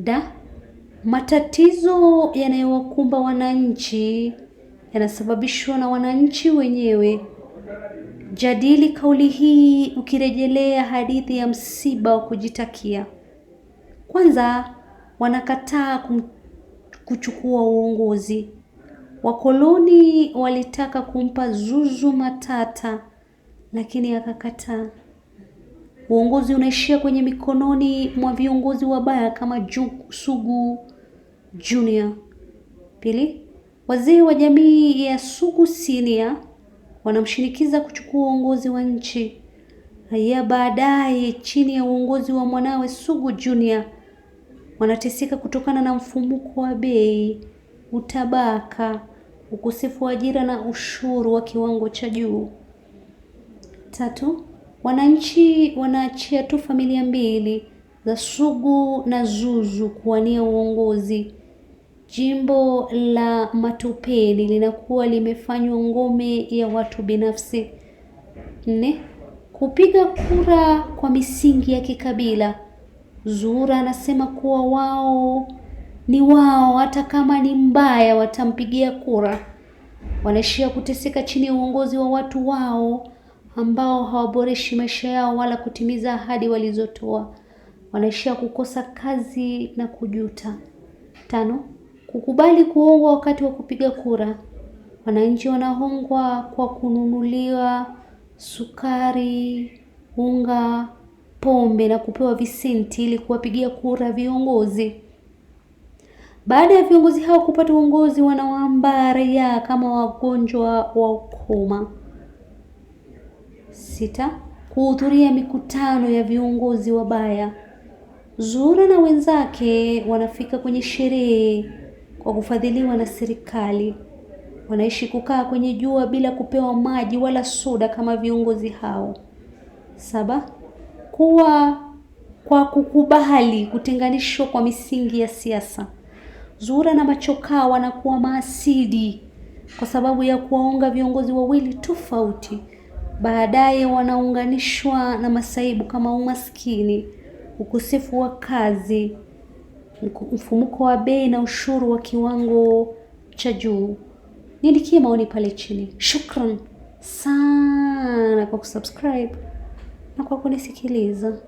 Da, matatizo yanayowakumba wananchi yanasababishwa na wananchi wenyewe. Jadili kauli hii ukirejelea hadithi ya msiba wa kujitakia. Kwanza, wanakataa kuchukua uongozi. Wakoloni walitaka kumpa Zuzu Matata lakini akakataa. Uongozi unaishia kwenye mikononi mwa viongozi wabaya kama Sugu Junior. Pili, wazee wa jamii ya Sugu Senior wanamshinikiza kuchukua uongozi wa nchi raia. Baadaye, chini ya uongozi wa mwanawe Sugu Junior, wanateseka kutokana na mfumuko wa bei, utabaka, ukosefu wa ajira na ushuru wa kiwango cha juu. Tatu, Wananchi wanaachia tu familia mbili za Sugu na Zuzu kuwania uongozi. Jimbo la Matopeni linakuwa limefanywa ngome ya watu binafsi. Nne, kupiga kura kwa misingi ya kikabila. Zuhura anasema kuwa wao ni wao, hata kama ni mbaya watampigia kura. Wanaishia kuteseka chini ya uongozi wa watu wao ambao hawaboreshi maisha yao wala kutimiza ahadi walizotoa. Wanaishia kukosa kazi na kujuta. Tano, kukubali kuongwa wakati wa kupiga kura. Wananchi wanahongwa kwa kununuliwa sukari, unga, pombe na kupewa visenti ili kuwapigia kura viongozi. Baada ya viongozi hao kupata uongozi, wanawaambaa raia kama wagonjwa wa ukoma. Sita, kuhudhuria mikutano ya viongozi wabaya. Zuhura na wenzake wanafika kwenye sherehe kwa kufadhiliwa na serikali. Wanaishi kukaa kwenye jua bila kupewa maji wala soda kama viongozi hao. Saba, kuwa kwa kukubali kutenganishwa kwa misingi ya siasa. Zuhura na Machokaa wanakuwa maasidi kwa sababu ya kuwaunga viongozi wawili tofauti baadaye wanaunganishwa na masaibu kama umaskini, ukosefu wa kazi, mfumuko wa bei na ushuru wa kiwango cha juu. Niandikie maoni pale chini. Shukran sana kwa kusubscribe na kwa kunisikiliza.